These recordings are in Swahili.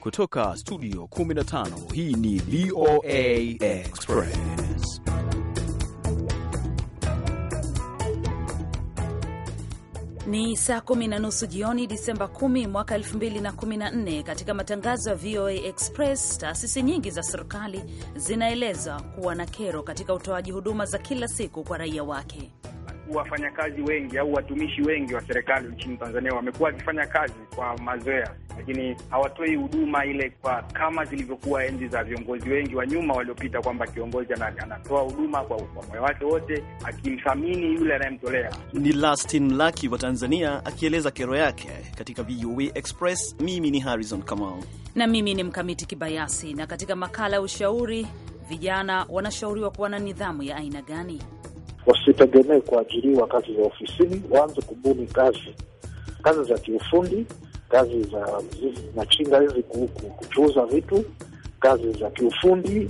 Kutoka studio 15 hii ni VOA Express. Ni saa kumi na nusu jioni Disemba 10 mwaka 2014. Katika matangazo ya VOA Express, taasisi nyingi za serikali zinaeleza kuwa na kero katika utoaji huduma za kila siku kwa raia wake wafanyakazi wengi au watumishi wengi wa serikali nchini Tanzania wamekuwa wakifanya kazi kwa mazoea, lakini hawatoi huduma ile kwa kama zilivyokuwa enzi za viongozi wengi wa nyuma waliopita, kwamba kiongozi anatoa huduma kwa, kwa moyo wake wote akimthamini yule anayemtolea. Ni Lastin Laki wa Tanzania akieleza kero yake katika VOA Express. Mimi ni Harrison Kamau na mimi ni Mkamiti Kibayasi, na katika makala ya ushauri, vijana wanashauriwa kuwa na nidhamu ya aina gani? wasitegemee kuajiriwa kazi za ofisini, waanze kubuni kazi, kazi za kiufundi, kazi za machinga hizi, kuchuuza vitu, kazi za kiufundi.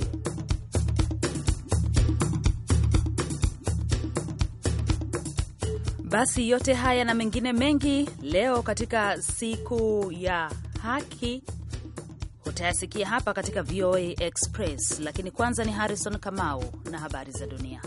Basi yote haya na mengine mengi leo katika siku ya haki utayasikia hapa katika VOA Express, lakini kwanza ni Harrison Kamau na habari za dunia.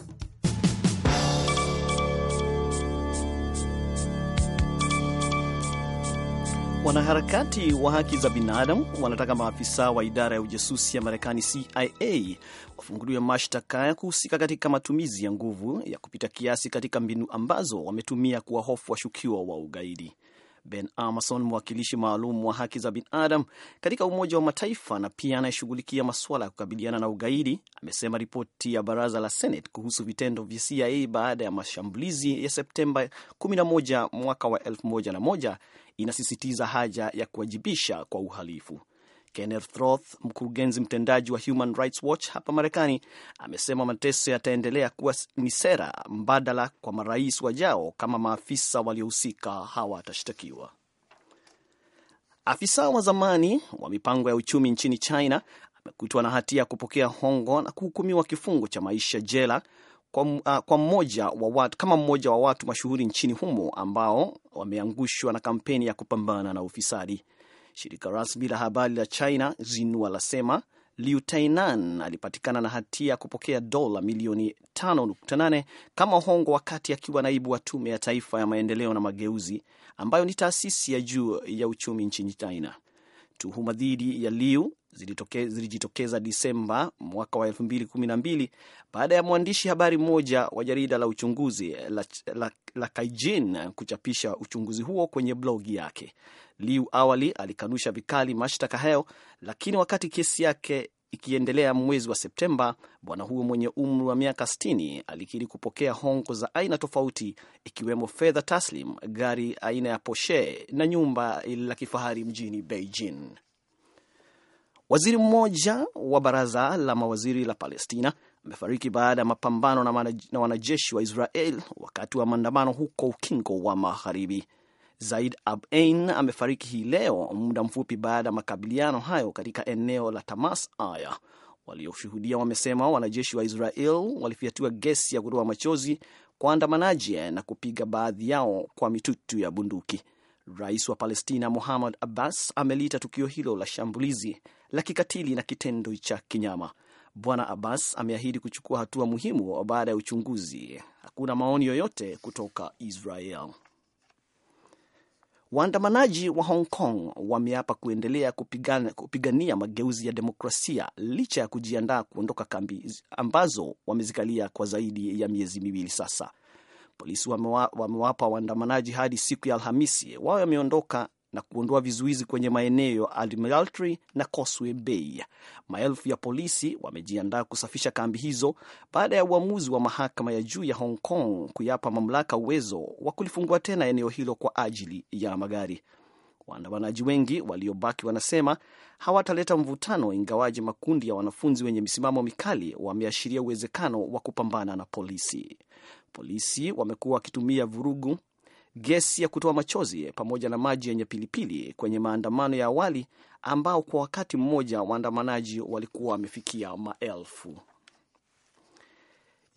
Wanaharakati wa haki za binadamu wanataka maafisa wa idara ya ujasusi ya Marekani CIA wafunguliwe mashtaka ya kuhusika katika matumizi ya nguvu ya kupita kiasi katika mbinu ambazo wametumia kuwahofu washukiwa wa ugaidi. Ben Amason, mwakilishi maalum wa haki za binadamu katika Umoja wa Mataifa na pia anayeshughulikia masuala ya kukabiliana na ugaidi, amesema ripoti ya baraza la Senate kuhusu vitendo vya CIA baada ya mashambulizi ya Septemba 11 mwaka wa 2001 inasisitiza haja ya kuwajibisha kwa uhalifu. Kenneth Roth, mkurugenzi mtendaji wa Human Rights Watch hapa Marekani, amesema mateso yataendelea kuwa ni sera mbadala kwa marais wajao kama maafisa waliohusika hawatashtakiwa. Afisa wa zamani wa mipango ya uchumi nchini China amekutwa na hatia ya kupokea hongo na kuhukumiwa kifungo cha maisha jela kwa, uh, kwa mmoja wa watu, kama mmoja wa watu mashuhuri nchini humo ambao wameangushwa na kampeni ya kupambana na ufisadi. Shirika rasmi la habari la China Xinhua lasema Liu Tainan alipatikana na hatia ya kupokea dola milioni 5.8 kama hongo wakati akiwa naibu wa tume ya taifa ya maendeleo na mageuzi ambayo ni taasisi ya juu ya uchumi nchini China. Tuhuma dhidi ya Liu zilijitokeza Disemba mwaka wa 2012 baada ya mwandishi habari mmoja wa jarida la uchunguzi la, la, la Kaijin kuchapisha uchunguzi huo kwenye blogi yake. Liu awali alikanusha vikali mashtaka hayo, lakini wakati kesi yake ikiendelea mwezi wa Septemba, bwana huyo mwenye umri wa miaka 60 alikiri kupokea hongo za aina tofauti, ikiwemo fedha taslim, gari aina ya Porsche na nyumba la kifahari mjini Beijing. Waziri mmoja wa baraza la mawaziri la Palestina amefariki baada ya mapambano na wanajeshi wa Israel wakati wa maandamano huko Ukingo wa Magharibi. Zaid Abain amefariki hii leo muda mfupi baada ya makabiliano hayo katika eneo la Tamas Aya. Walioshuhudia wamesema wanajeshi wa Israel walifyatua gesi ya kutoa machozi kwa andamanaji na kupiga baadhi yao kwa mitutu ya bunduki. Rais wa Palestina Muhammad Abbas ameliita tukio hilo la shambulizi la kikatili na kitendo cha kinyama. Bwana Abbas ameahidi kuchukua hatua muhimu baada ya uchunguzi. Hakuna maoni yoyote kutoka Israel. Waandamanaji wa Hong Kong wameapa kuendelea kupigana, kupigania mageuzi ya demokrasia licha ya kujiandaa kuondoka kambi ambazo wamezikalia kwa zaidi ya miezi miwili sasa. Polisi wamewapa waandamanaji hadi siku ya Alhamisi wawe wameondoka na kuondoa vizuizi kwenye maeneo ya Admiralty na Causeway Bay. Maelfu ya polisi wamejiandaa kusafisha kambi hizo baada ya uamuzi wa mahakama ya juu ya Hong Kong kuyapa mamlaka uwezo wa kulifungua tena eneo hilo kwa ajili ya magari. Waandamanaji wengi waliobaki wanasema hawataleta mvutano, ingawaji makundi ya wanafunzi wenye misimamo mikali wameashiria uwezekano wa kupambana na polisi. Polisi wamekuwa wakitumia vurugu gesi ya kutoa machozi pamoja na maji yenye pilipili kwenye maandamano ya awali ambao kwa wakati mmoja waandamanaji walikuwa wamefikia maelfu.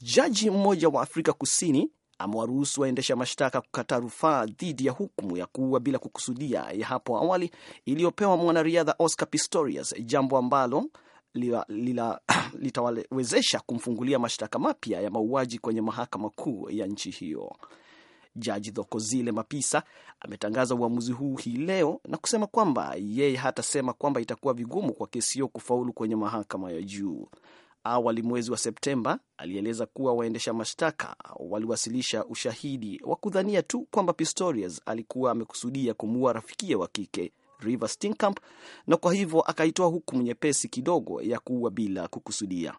Jaji mmoja wa Afrika Kusini amewaruhusu waendesha mashtaka kukataa rufaa dhidi ya hukumu ya kuua bila kukusudia ya hapo awali iliyopewa mwanariadha Oscar Pistorius, jambo ambalo litawawezesha kumfungulia mashtaka mapya ya mauaji kwenye mahakama kuu ya nchi hiyo. Jaji Dhokozile Mapisa ametangaza uamuzi huu hii leo na kusema kwamba yeye hatasema kwamba itakuwa vigumu kwa kesi hiyo kufaulu kwenye mahakama ya juu. Awali mwezi wa Septemba alieleza kuwa waendesha mashtaka waliwasilisha ushahidi wa kudhania tu kwamba Pistorius alikuwa amekusudia kumuua rafikia wa kike River Steenkamp, na kwa hivyo akaitoa hukumu nyepesi kidogo ya kuua bila kukusudia.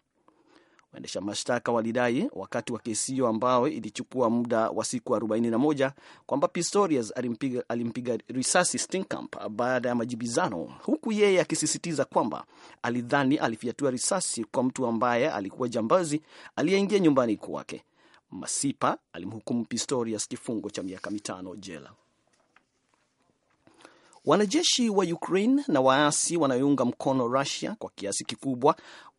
Waendesha mashtaka walidai wakati wa kesi hiyo ambayo ilichukua muda wa siku 41 kwamba Pistorius alimpiga, alimpiga risasi Steenkamp baada ya majibizano, huku yeye akisisitiza kwamba alidhani alifyatua risasi kwa mtu ambaye alikuwa jambazi aliyeingia nyumbani kwake. Masipa alimhukumu Pistorius kifungo cha miaka mitano jela. Wanajeshi wa Ukraine na waasi wanayounga mkono Russia kwa kiasi kikubwa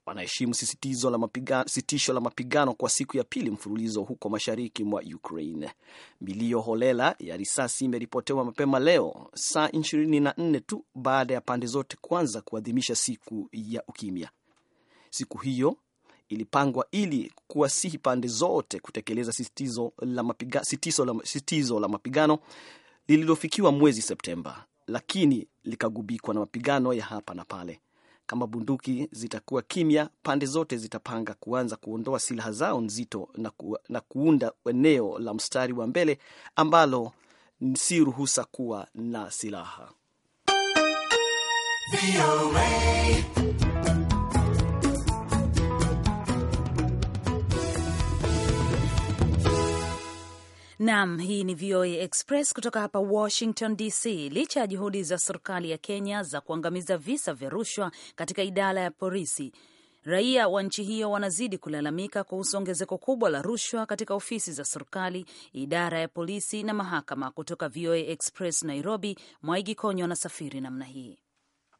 wanaheshimu sitisho la mapigano, sitisho la mapigano kwa siku ya pili mfululizo huko mashariki mwa Ukraine. Milio holela ya risasi imeripotewa mapema leo, saa 24 tu baada ya pande zote kwanza kuadhimisha siku ya ukimya. Siku hiyo ilipangwa ili kuwasihi pande zote kutekeleza sitizo la, mapiga, sitizo la, sitizo la mapigano lililofikiwa mwezi Septemba, lakini likagubikwa na mapigano ya hapa na pale. Kama bunduki zitakuwa kimya, pande zote zitapanga kuanza kuondoa silaha zao nzito na, ku, na kuunda eneo la mstari wa mbele ambalo si ruhusa kuwa na silaha. Naam, hii ni VOA Express kutoka hapa Washington DC. Licha ya juhudi za serikali ya Kenya za kuangamiza visa vya rushwa katika idara ya polisi, raia wa nchi hiyo wanazidi kulalamika kuhusu ongezeko kubwa la rushwa katika ofisi za serikali, idara ya polisi na mahakama. Kutoka VOA Express Nairobi, Mwaigi Konyo anasafiri namna hii.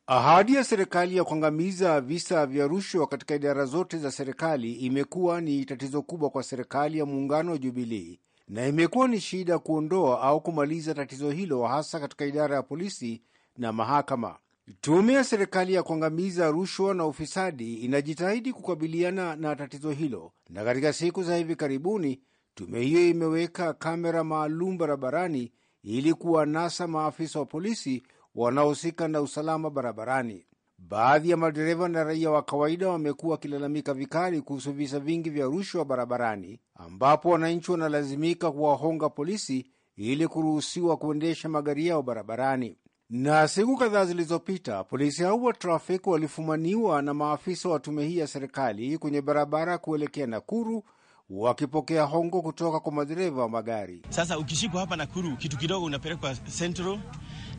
Ahadi ya serikali ya kuangamiza visa vya rushwa katika idara zote za serikali imekuwa ni tatizo kubwa kwa serikali ya muungano wa Jubilii na imekuwa ni shida kuondoa au kumaliza tatizo hilo, hasa katika idara ya polisi na mahakama. Tume ya serikali ya kuangamiza rushwa na ufisadi inajitahidi kukabiliana na tatizo hilo, na katika siku za hivi karibuni tume hiyo imeweka kamera maalum barabarani ili kuwanasa maafisa wa polisi wanaohusika na usalama barabarani. Baadhi ya madereva na raia wa kawaida wamekuwa wakilalamika vikali kuhusu visa vingi vya rushwa barabarani, ambapo wananchi wanalazimika kuwahonga polisi ili kuruhusiwa kuendesha magari yao barabarani. Na siku kadhaa zilizopita, polisi hao wa trafiki walifumaniwa na maafisa wa tume hii ya serikali kwenye barabara kuelekea Nakuru wakipokea hongo kutoka kwa madereva wa magari. Sasa ukishikwa hapa Nakuru, kitu kidogo unapelekwa Central,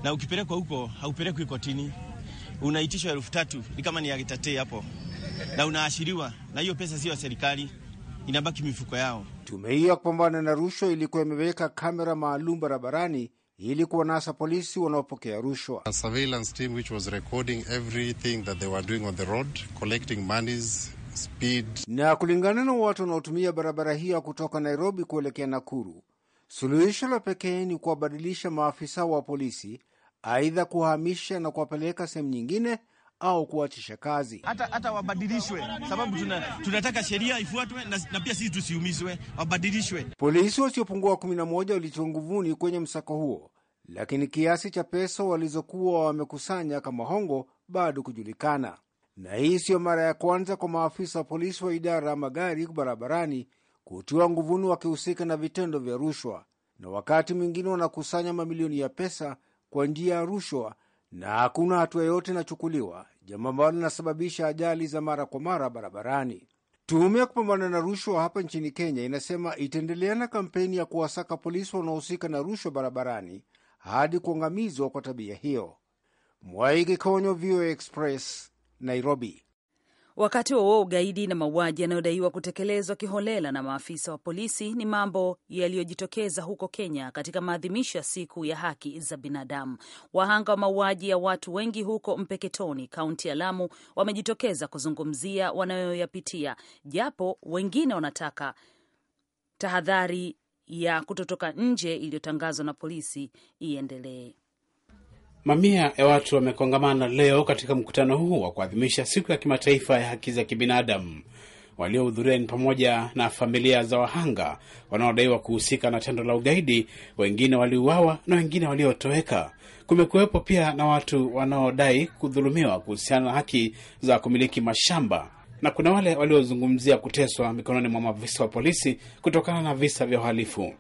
na ukipelekwa huko haupelekwi kotini unaitishwa elfu tatu ni kama ni aritatei hapo, na unaashiriwa na hiyo pesa sio ya serikali, inabaki mifuko yao. Tume hiyo ya kupambana na rushwa ilikuwa imeweka kamera maalum barabarani ili kuwanasa polisi wanaopokea rushwa. Surveillance team which was recording everything that they were doing on the road, collecting monies, speed. Na kulingana na watu wanaotumia barabara hiyo kutoka Nairobi kuelekea Nakuru, suluhisho la pekee ni kuwabadilisha maafisa wa polisi aidha kuwahamisha na kuwapeleka sehemu nyingine au kuwachisha kazi hata, hata wabadilishwe, sababu tuna, tunataka sheria ifuatwe na, na pia sisi tusiumizwe, wabadilishwe. Polisi wasiopungua 11 walitiwa nguvuni kwenye msako huo, lakini kiasi cha pesa walizokuwa wamekusanya kama hongo bado kujulikana. Na hii siyo mara ya kwanza kwa maafisa wa polisi wa idara ya magari barabarani kutiwa nguvuni wakihusika na vitendo vya rushwa, na wakati mwingine wanakusanya mamilioni ya pesa kwa njia ya rushwa na hakuna hatua yoyote inachukuliwa, jambo ambalo linasababisha ajali za mara kwa mara barabarani. Tume ya kupambana na rushwa hapa nchini Kenya inasema itaendelea na kampeni ya kuwasaka polisi wanaohusika na rushwa barabarani hadi kuangamizwa kwa tabia hiyo. Mwaiki Konyo, VOA Express, Nairobi. Wakati huo ugaidi na mauaji yanayodaiwa kutekelezwa kiholela na maafisa wa polisi ni mambo yaliyojitokeza huko Kenya katika maadhimisho ya siku ya haki za binadamu. Wahanga wa mauaji ya watu wengi huko Mpeketoni, kaunti ya Lamu, wamejitokeza kuzungumzia wanayoyapitia, japo wengine wanataka tahadhari ya kutotoka nje iliyotangazwa na polisi iendelee. Mamia ya watu wamekongamana leo katika mkutano huu wa kuadhimisha siku ya kimataifa ya haki za kibinadamu. Waliohudhuria ni pamoja na familia za wahanga wanaodaiwa kuhusika na tendo la ugaidi, wengine waliuawa na wengine waliotoweka. Kumekuwepo pia na watu wanaodai kudhulumiwa kuhusiana na haki za kumiliki mashamba na kuna wale waliozungumzia kuteswa mikononi mwa maafisa wa polisi kutokana na visa vya uhalifu.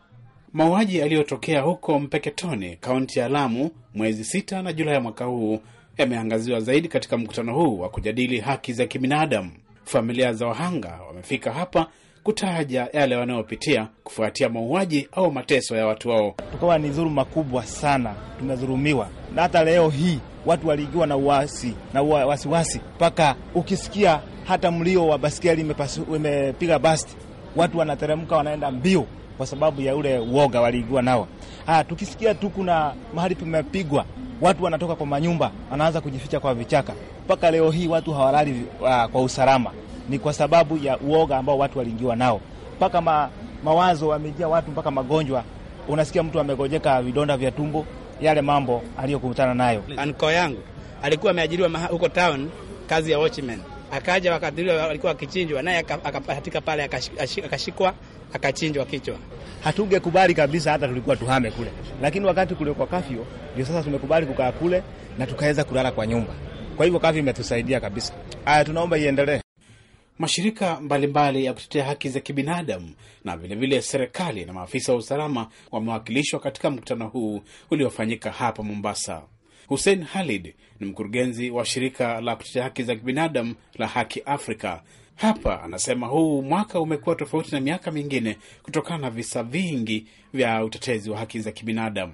Mauaji yaliyotokea huko Mpeketoni, kaunti ya Lamu, mwezi sita na Julai ya mwaka huu yameangaziwa zaidi katika mkutano huu wa kujadili haki za kibinadamu. Familia za wahanga wamefika hapa kutaja yale wanayopitia kufuatia mauaji au mateso ya watu wao. Tukawa ni dhuluma kubwa sana, tumedhulumiwa na hata leo hii watu waliingiwa na uasi na wasiwasi, mpaka ukisikia hata mlio wa baskeli imepiga basti, watu wanateremka, wanaenda mbio kwa sababu ya ule uoga waliigua nao. Ah, tukisikia tu kuna mahali pamepigwa, watu wanatoka kwa manyumba, wanaanza kujificha kwa vichaka. Mpaka leo hii watu hawalali uh, kwa usalama, ni kwa sababu ya uoga ambao watu waliingiwa nao. Mpaka ma, mawazo wamejia watu, mpaka magonjwa, unasikia mtu amegojeka vidonda vya tumbo, yale mambo aliyokutana nayo. Anko yangu alikuwa ameajiriwa huko town kazi ya watchman, akaja wakati walikuwa wakichinjwa, naye akapatika pale, akashikwa akachinjwa kichwa. Hatungekubali kabisa, hata tulikuwa tuhame kule, lakini wakati kule kwa kafyo, ndio sasa tumekubali kukaa kule na tukaweza kulala kwa nyumba. Kwa hivyo kafyo imetusaidia kabisa. Haya, tunaomba iendelee. Mashirika mbalimbali mbali ya kutetea haki za kibinadamu na vilevile serikali na maafisa wa usalama wamewakilishwa katika mkutano huu uliofanyika hapa Mombasa. Hussein halid ni mkurugenzi wa shirika la kutetea haki za kibinadamu la Haki Afrika hapa anasema huu mwaka umekuwa tofauti na miaka mingine kutokana na visa vingi vya utetezi wa haki za kibinadamu.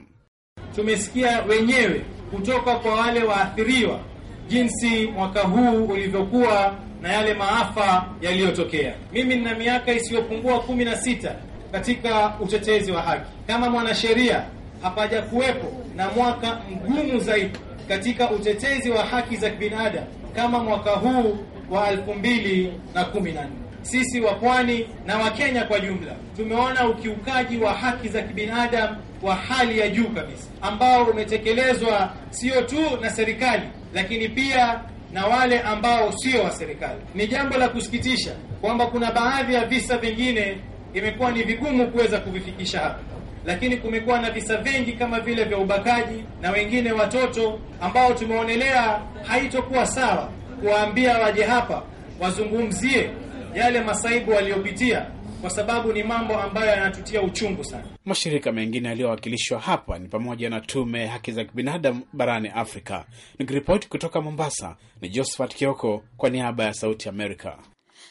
Tumesikia wenyewe kutoka kwa wale waathiriwa jinsi mwaka huu ulivyokuwa na yale maafa yaliyotokea. Mimi nina miaka isiyopungua kumi na sita katika utetezi wa haki kama mwanasheria. Hapaja kuwepo na mwaka mgumu zaidi katika utetezi wa haki za kibinadamu kama mwaka huu wa elfu mbili na kumi na nne. Sisi wa pwani na Wakenya kwa jumla tumeona ukiukaji wa haki za kibinadamu wa hali ya juu kabisa ambao umetekelezwa sio tu na serikali lakini pia na wale ambao sio wa serikali. Ni jambo la kusikitisha kwamba kuna baadhi ya visa vingine imekuwa ni vigumu kuweza kuvifikisha hapa, lakini kumekuwa na visa vingi kama vile vya ubakaji na wengine watoto ambao tumeonelea haitokuwa sawa kuwaambia waje hapa wazungumzie yale masaibu waliyopitia kwa sababu ni mambo ambayo yanatutia uchungu sana. Mashirika mengine yaliyowakilishwa hapa ni pamoja na tume ya haki za kibinadamu barani Afrika. Nikiripoti kutoka Mombasa ni Josephat Kioko kwa niaba ya Sauti Amerika.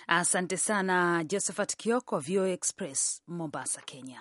Asante sana Josephat Kioko, VOA Express, Mombasa, Kenya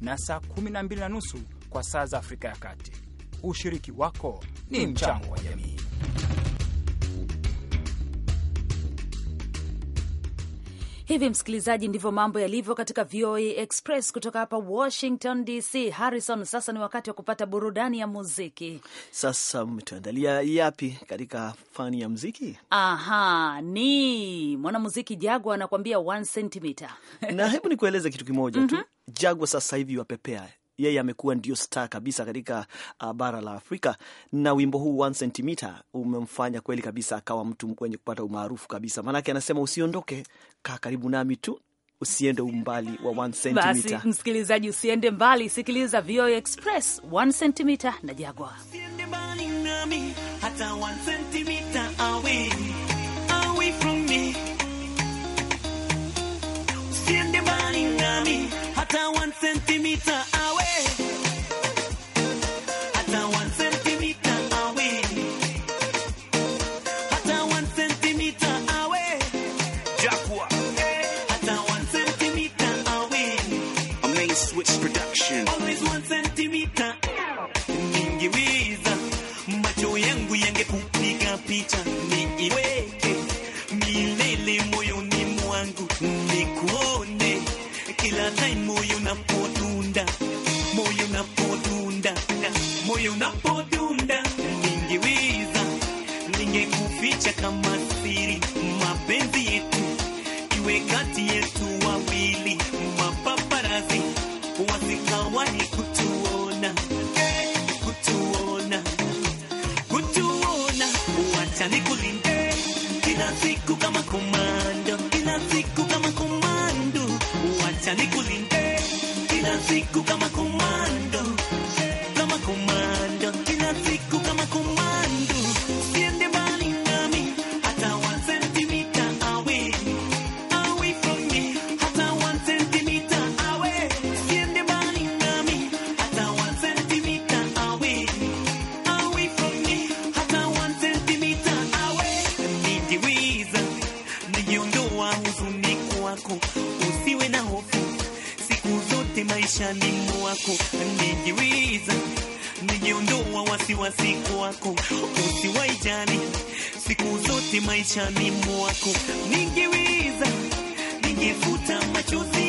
na saa 12 na nusu kwa saa za Afrika ya Kati. Ushiriki wako ni mchango wa jamii. Hivi msikilizaji, ndivyo mambo yalivyo katika VOA Express kutoka hapa Washington DC. Harrison, sasa ni wakati wa kupata burudani ya muziki. Sasa mmetuandalia yapi katika fani ya muziki? Aha, ni mwanamuziki Jagwa anakuambia one centimeter. Na hebu nikueleze kitu kimoja tu, mhm. Jagwa sasa hivi wapepea yeye amekuwa ndio star kabisa katika uh, bara la Afrika na wimbo huu 1cm umemfanya kweli kabisa akawa mtu mwenye kupata umaarufu kabisa, maanake anasema usiondoke, kaa karibu nami tu usiende umbali wa Basi msikilizaji, usiende mbali, sikiliza VO Express one na Jagwa. ningeweza, macho yangu yangekupiga picha niiweke milele moyoni mwangu, nikuone kila time moyo unapodunda, moyo unapodunda, moyo unapodunda, ningeweza ningekuficha kama wako, nijiwiza, nijiondoa wasiwasi kwako, usiwaijali siku zote maishani mwako, nijiwiza, nijifuta machozi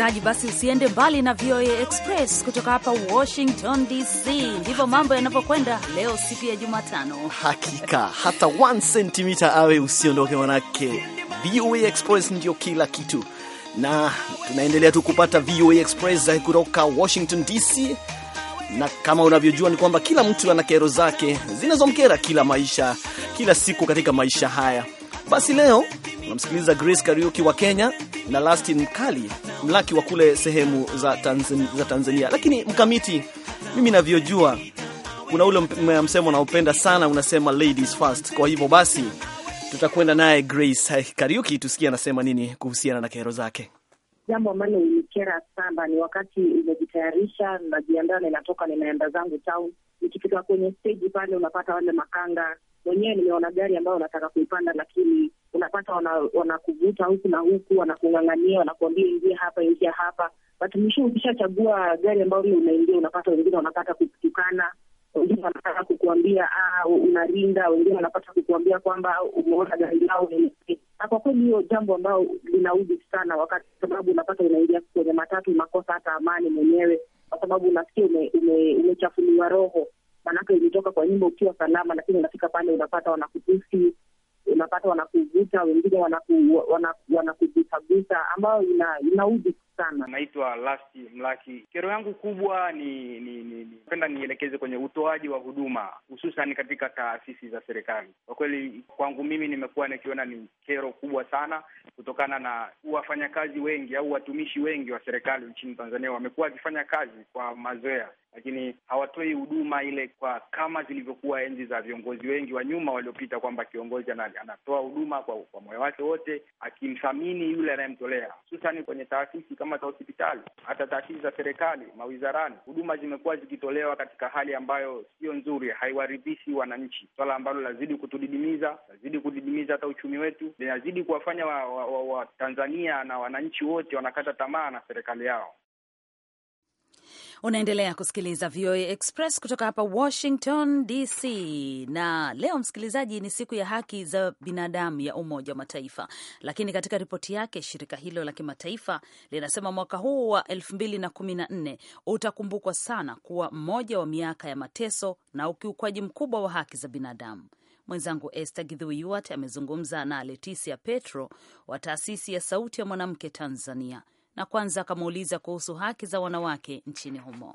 msikilizaji, basi usiende mbali na VOA Express kutoka hapa Washington DC. Ndivyo mambo yanavyokwenda leo, siku ya Jumatano. Hakika hata 1 sentimita awe usiondoke, manake VOA Express ndio kila kitu, na tunaendelea tu kupata VOA Express kutoka Washington DC na kama unavyojua ni kwamba kila mtu ana kero zake zinazomkera kila maisha kila siku katika maisha haya. Basi leo unamsikiliza Grace Kariuki wa Kenya na Lastin Mkali mlaki wa kule sehemu za Tanzania, za Tanzania. Lakini mkamiti, mimi navyojua kuna ule msemo naupenda sana unasema ladies first. Kwa hivyo basi tutakwenda naye Grace Kariuki tusikie anasema nini kuhusiana na kero zake. Jambo ambalo ulikera sana ni wakati nimejitayarisha, ninajiandaa, ninatoka, ninaenda zangu town. Nikifika kwenye stage pale, unapata wale makanga. Mwenyewe nimeona gari ambayo unataka kuipanda, lakini unapata wanakuvuta wana huku na huku, wanakung'ang'ania, wanakuambia ingia hapa, ingia hapa, Watumishi ukishachagua gari ambayo unaingia, unapata wengine wanapata kukutukana, wengine wanapata kukuambia ah, unarinda, wengine wanapata kukuambia kwamba umeona gari lao. Na kwa kweli hiyo jambo ambayo linaudhi sana, wakati kwa sababu unapata unaingia kwenye matatu, unakosa hata amani mwenyewe, kwa sababu unasikia umechafuliwa ume, ume roho, maanake ulitoka kwa nyumba ukiwa salama, lakini unafika pale unapata wanakutusi unapata wanakuvuta, wengine wanakuvutagusa wanaku, wanaku ambayo inaudhi sana. Naitwa Lasti Mlaki. Kero yangu kubwa ni ni ni, ni, penda nielekeze kwenye utoaji wa huduma hususan katika taasisi za serikali. Kwa kweli kwangu mimi nimekuwa nikiona ni kero kubwa sana kutokana na wafanyakazi wengi au watumishi wengi wa serikali nchini Tanzania wamekuwa wakifanya kazi kwa mazoea lakini hawatoi huduma ile kwa kama zilivyokuwa enzi za viongozi wengi wa nyuma waliopita, kwamba kiongozi anatoa huduma kwa, kwa moyo wake wote akimthamini yule anayemtolea, hususani kwenye taasisi kama za hospitali, hata taasisi za serikali, mawizarani. Huduma zimekuwa zikitolewa katika hali ambayo sio nzuri, haiwaridhishi wananchi, swala ambalo lazidi kutudidimiza, lazidi kudidimiza hata uchumi wetu, linazidi kuwafanya Watanzania wa, wa, wa na wananchi wote wanakata tamaa na serikali yao. Unaendelea kusikiliza VOA Express kutoka hapa Washington DC, na leo msikilizaji, ni siku ya haki za binadamu ya Umoja wa Mataifa. Lakini katika ripoti yake, shirika hilo la kimataifa linasema mwaka huu wa 2014 utakumbukwa sana kuwa mmoja wa miaka ya mateso na ukiukwaji mkubwa wa haki za binadamu. Mwenzangu Esther Githui amezungumza na Leticia Petro wa taasisi ya Sauti ya Mwanamke Tanzania na kwanza akamuuliza kuhusu haki za wanawake nchini humo.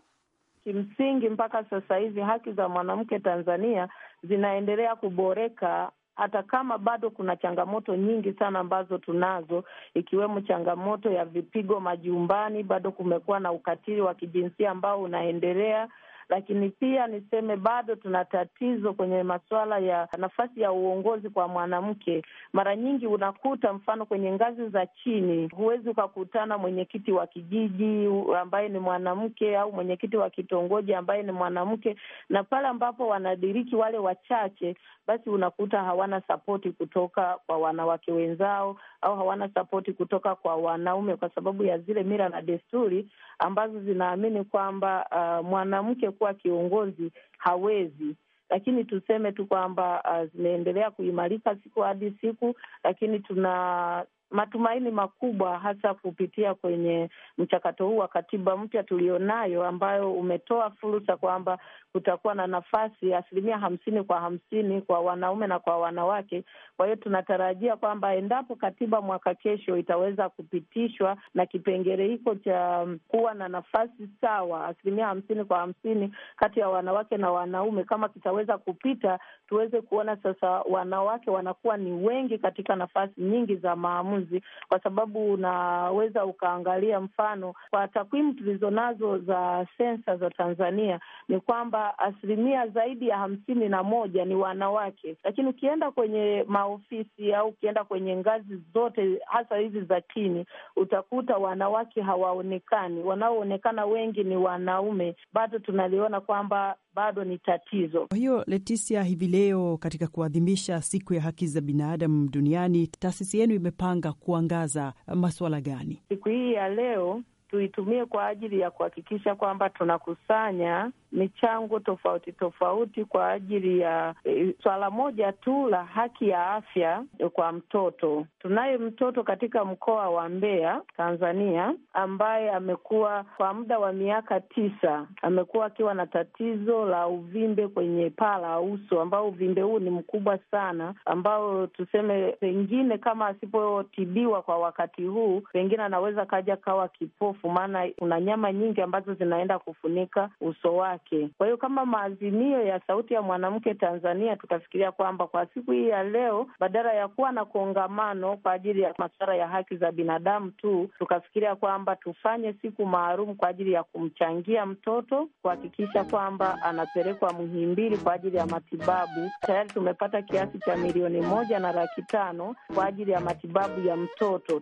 Kimsingi, mpaka sasa hivi haki za mwanamke Tanzania zinaendelea kuboreka hata kama bado kuna changamoto nyingi sana ambazo tunazo, ikiwemo changamoto ya vipigo majumbani. Bado kumekuwa na ukatili wa kijinsia ambao unaendelea, lakini pia niseme bado tuna tatizo kwenye masuala ya nafasi ya uongozi kwa mwanamke. Mara nyingi unakuta mfano kwenye ngazi za chini huwezi ukakutana mwenyekiti wa kijiji ambaye ni mwanamke au mwenyekiti wa kitongoji ambaye ni mwanamke, na pale ambapo wanadiriki wale wachache, basi unakuta hawana sapoti kutoka kwa wanawake wenzao au hawana sapoti kutoka kwa wanaume, kwa sababu ya zile mila na desturi ambazo zinaamini kwamba uh, mwanamke aliyekuwa kiongozi hawezi lakini tuseme tu kwamba uh, zimeendelea kuimarika siku hadi siku, lakini tuna matumaini makubwa hasa kupitia kwenye mchakato huu wa katiba mpya tulionayo, ambayo umetoa fursa kwamba kutakuwa na nafasi asilimia hamsini kwa hamsini kwa wanaume na kwa wanawake. Kwa hiyo tunatarajia kwamba endapo katiba mwaka kesho itaweza kupitishwa na kipengele hiko cha um, kuwa na nafasi sawa asilimia hamsini kwa hamsini kati ya wanawake na wanaume, kama kitaweza kupita, tuweze kuona sasa wanawake wanakuwa ni wengi katika nafasi nyingi za maamuzi, kwa sababu unaweza ukaangalia mfano kwa takwimu tulizonazo za sensa za Tanzania ni kwamba asilimia zaidi ya hamsini na moja ni wanawake, lakini ukienda kwenye maofisi au ukienda kwenye ngazi zote, hasa hizi za chini, utakuta wanawake hawaonekani. Wanaoonekana wengi ni wanaume. Bado tunaliona kwamba bado ni tatizo. Kwa hiyo Leticia, hivi leo katika kuadhimisha siku ya haki za binadamu duniani, taasisi yenu imepanga kuangaza masuala gani siku hii ya leo? tuitumie kwa ajili ya kuhakikisha kwamba tunakusanya michango tofauti tofauti kwa ajili ya e, swala moja tu la haki ya afya kwa mtoto. Tunaye mtoto katika mkoa wa Mbeya, Tanzania, ambaye amekuwa kwa muda wa miaka tisa amekuwa akiwa na tatizo la uvimbe kwenye paa la uso, ambao uvimbe huu ni mkubwa sana, ambao tuseme pengine kama asipotibiwa kwa wakati huu, pengine anaweza kaja kawa kipofu maana kuna nyama nyingi ambazo zinaenda kufunika uso wake. Kwa hiyo kama maazimio ya Sauti ya Mwanamke Tanzania, tutafikiria kwamba kwa siku hii ya leo, badala ya kuwa na kongamano kwa ajili ya masuala ya haki za binadamu tu, tukafikiria kwamba tufanye siku maalum kwa ajili ya kumchangia mtoto, kuhakikisha kwamba anapelekwa Muhimbili kwa ajili ya matibabu. Tayari tumepata kiasi cha milioni moja na laki tano kwa ajili ya matibabu ya mtoto.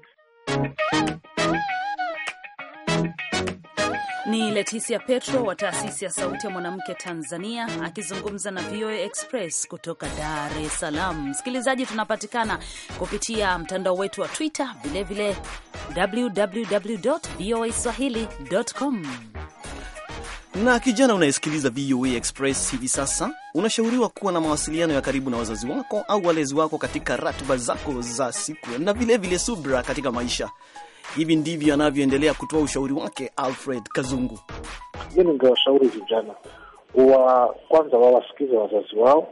Ni Leticia Petro wa taasisi ya Sauti ya Mwanamke Tanzania akizungumza na VOA Express kutoka Dar es Salaam. Msikilizaji, tunapatikana kupitia mtandao wetu wa Twitter, vilevile www voa swahili.com. Na kijana unayesikiliza VOA Express hivi sasa, unashauriwa kuwa na mawasiliano ya karibu na wazazi wako au walezi wako katika ratiba zako za siku, na vilevile subra katika maisha. Hivi ndivyo anavyoendelea kutoa ushauri wake Alfred Kazungu. Mimi ningewashauri vijana wa kwanza wawasikize wazazi wao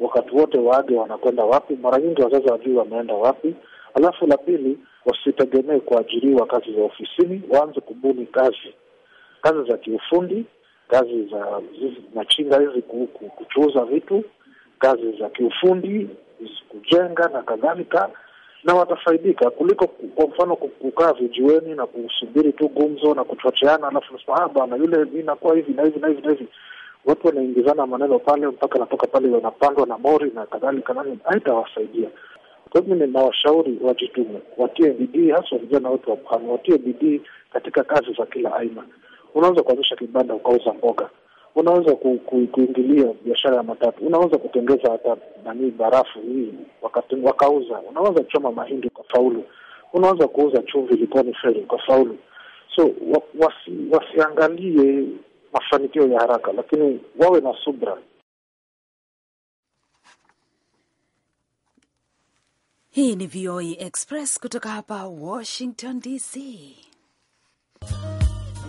wakati wote, waage wanakwenda wapi. Mara nyingi wazazi wajui wameenda wapi. Alafu la pili, wasitegemee kuajiriwa kazi za ofisini, waanze kubuni kazi, kazi za kiufundi, kazi za machinga hizi, kuchuuza vitu, kazi za kiufundi, kujenga na kadhalika na watafaidika kuliko kwa mfano kukaa vijiweni na kusubiri tu gumzo na kuchocheana, alafu ah, na yule inakuwa hivi na hivi na hivi na hivi, watu wanaingizana maneno pale mpaka natoka pale wanapandwa na mori na kadhalika, nani haitawasaidia. Kwa hivyo ninawashauri wajitume, watie bidii, hasa vijana wetu wa Pwani watie bidii katika kazi za kila aina. Unaweza kuanzisha kibanda ukauza mboga unaweza kuingilia biashara ya matatu, unaweza kutengeza hata nani barafu hii wakauza, unaweza kuchoma mahindi kwa faulu unaweza kuuza chumvi Likoni Feri faulu So wa, wasi, wasiangalie mafanikio ya haraka, lakini wawe na subra. Hii ni VOA e Express kutoka hapa Washington DC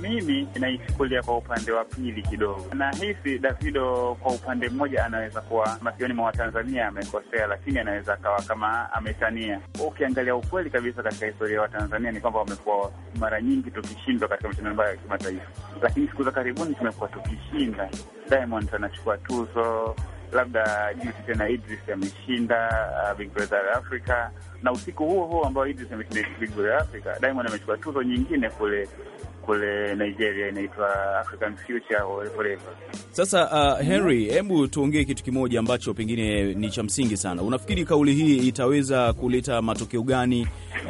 mimi naichukulia kwa upande wa pili kidogo. Nahisi Davido kwa upande mmoja anaweza kuwa masioni mwa Watanzania amekosea, lakini anaweza akawa kama ametania. Ukiangalia ukweli kabisa katika historia ya Watanzania ni kwamba wamekuwa mara nyingi tukishindwa katika mashindano ya kimataifa, lakini siku za karibuni tumekuwa tukishinda. Diamond anachukua tuzo labda juzi tena Idris ameshinda uh, Big Brother Africa, na usiku huo huo ambao Idris ameshinda Big Brother Africa, Diamond amechukua tuzo nyingine kule kule Nigeria inaitwa African Future Sasa uh, Henry, hebu tuongee kitu kimoja ambacho pengine ni cha msingi sana. Unafikiri kauli hii itaweza kuleta matokeo gani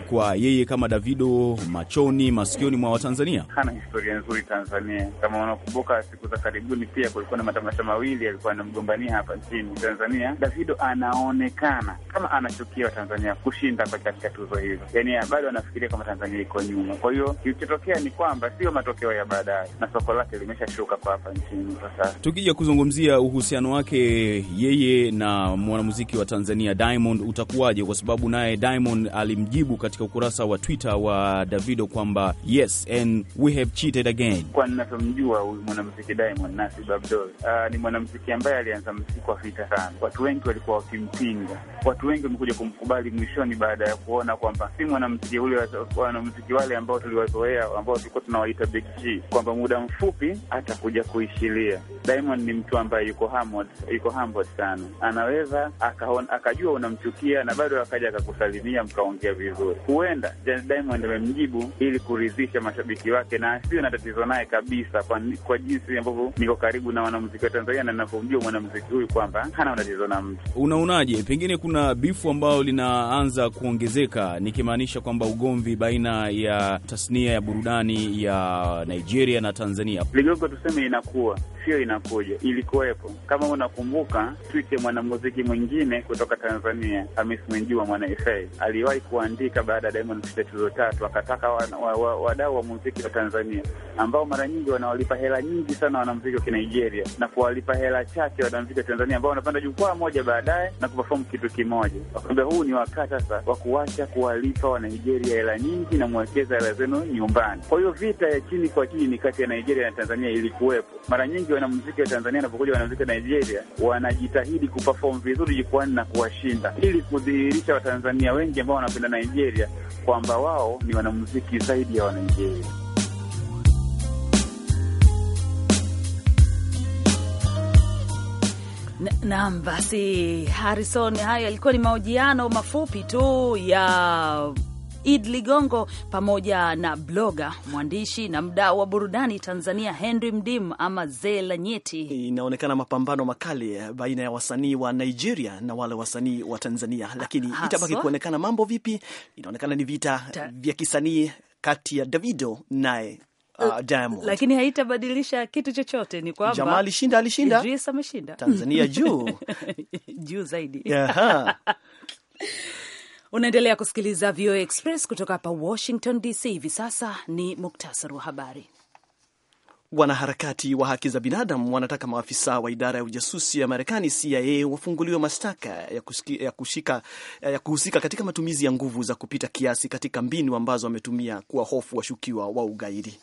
kwa yeye kama Davido machoni masikioni mwa Watanzania? Hana historia nzuri Tanzania. Kama unakumbuka siku za karibuni, pia kulikuwa na matamasha mawili alikuwa anamgombania hapa nchini Tanzania. Davido anaonekana kama anachukia Watanzania kushinda kwa katika tuzo hizo, yani bado anafikiria kama Tanzania iko nyuma. Kwa hiyo kilichotokea ni kwamba sio matokeo ya baadaye, na soko lake limeshashuka kwa hapa nchini kwa sasa. Tukija kuzungumzia uhusiano wake yeye na mwanamuziki wa Tanzania Diamond utakuwaje? Kwa sababu naye Diamond alimjibu katika katika ukurasa wa Twitter wa Davido kwamba yes and we have cheated again. Kwa ninavyomjua huyu mwanamziki Diamond Nasib Abdul, uh, ah, ni mwanamziki ambaye alianza mziki kwa vita sana. Watu wengi walikuwa wakimpinga, watu wengi wamekuja kumkubali mwishoni baada ya kuona kwamba si mwanamziki ule, wanamziki wale ambao tuliwazoea, ambao tulikuwa tunawaita Big G, kwamba muda mfupi atakuja kuishilia. Diamond ni mtu ambaye yuko hamod, yuko humble sana, anaweza akajua unamchukia na bado akaja akakusalimia mkaongea vizuri huenda Jane Diamond amemjibu ili kuridhisha mashabiki wake, na sio na tatizo naye kabisa, kwa, kwa jinsi ambavyo niko karibu na wanamuziki wa Tanzania na ninavyomjua mwanamuziki huyu kwamba hana matatizo na mtu. Unaonaje, pengine kuna bifu ambayo linaanza kuongezeka, nikimaanisha kwamba ugomvi baina ya tasnia ya burudani ya Nigeria na Tanzania ligogo tuseme inakuwa sio inakuja, ilikuwepo. Kama unakumbuka tweet ya mwanamuziki mwingine kutoka Tanzania Hamis Mwinjuma, mwana FA aliwahi kuandika baada ya Diamond kushika tuzo tatu, akataka wadau wa, wa, wa, wa muziki wa Tanzania ambao mara nyingi wanawalipa hela nyingi sana wanamziki wa Kinigeria na kuwalipa hela chache wanamziki wa Tanzania ambao wanapanda jukwaa moja baadaye na kuperform kitu kimoja. Wakamwambia, huu ni wakati sasa wa kuacha kuwalipa Wanigeria hela nyingi na mwekeza hela zenu nyumbani. Kwa hiyo vita ya chini kwa chini kati ya Nigeria na Tanzania ilikuwepo. Mara nyingi wanamziki wa Tanzania wanapokuja wanamziki wa Nigeria wanajitahidi kuperform vizuri jukwani na kuwashinda ili kudhihirisha Watanzania wengi ambao wanapenda Nigeria moja kwamba wao ni wanamuziki zaidi ya wananchi. Naam, basi Harrison, hayo yalikuwa ni mahojiano mafupi tu ya Id Ligongo pamoja na bloga mwandishi na mdau wa burudani Tanzania Henry Mdim ama Zee la Nyeti. Inaonekana mapambano makali eh, baina ya wasanii wa Nigeria na wale wasanii wa Tanzania, ah, lakini ha, itabaki kuonekana mambo vipi. Inaonekana ni vita vya kisanii kati ya Davido naye uh, uh, Diamond. Lakini haitabadilisha kitu chochote, ni kwamba jamaa alishinda, alishinda. Idris ameshinda. Tanzania juu juu zaidi. Unaendelea kusikiliza VOA Express kutoka hapa Washington DC. Hivi sasa ni muktasari wa habari. Wanaharakati wa haki za binadamu wanataka maafisa wa idara ya ujasusi ya Marekani, CIA, wafunguliwe mashtaka ya, ya, ya kuhusika katika matumizi ya nguvu za kupita kiasi katika mbinu ambazo wametumia kuwa hofu washukiwa wa ugaidi.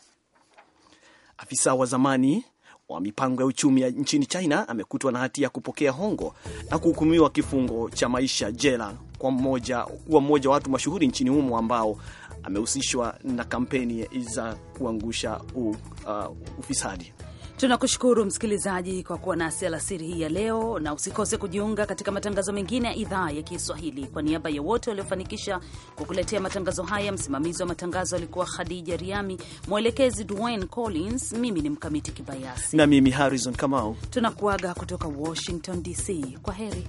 Afisa wa zamani wa mipango ya uchumi nchini China amekutwa na hatia ya kupokea hongo na kuhukumiwa kifungo cha maisha jela kwa mmoja kuwa mmoja wa watu mashuhuri nchini humo ambao amehusishwa na kampeni za kuangusha u, uh, ufisadi. Tunakushukuru msikilizaji kwa kuwa nasi alasiri hii ya leo, na usikose kujiunga katika matangazo mengine ya idhaa ya Kiswahili. Kwa niaba ya wote waliofanikisha kukuletea matangazo haya, msimamizi wa matangazo alikuwa Khadija Riami, mwelekezi Dwayne Collins, mimi ni Mkamiti Kibayasi na mimi Harrison Kamau. Tunakuaga kutoka Washington DC. Kwa heri.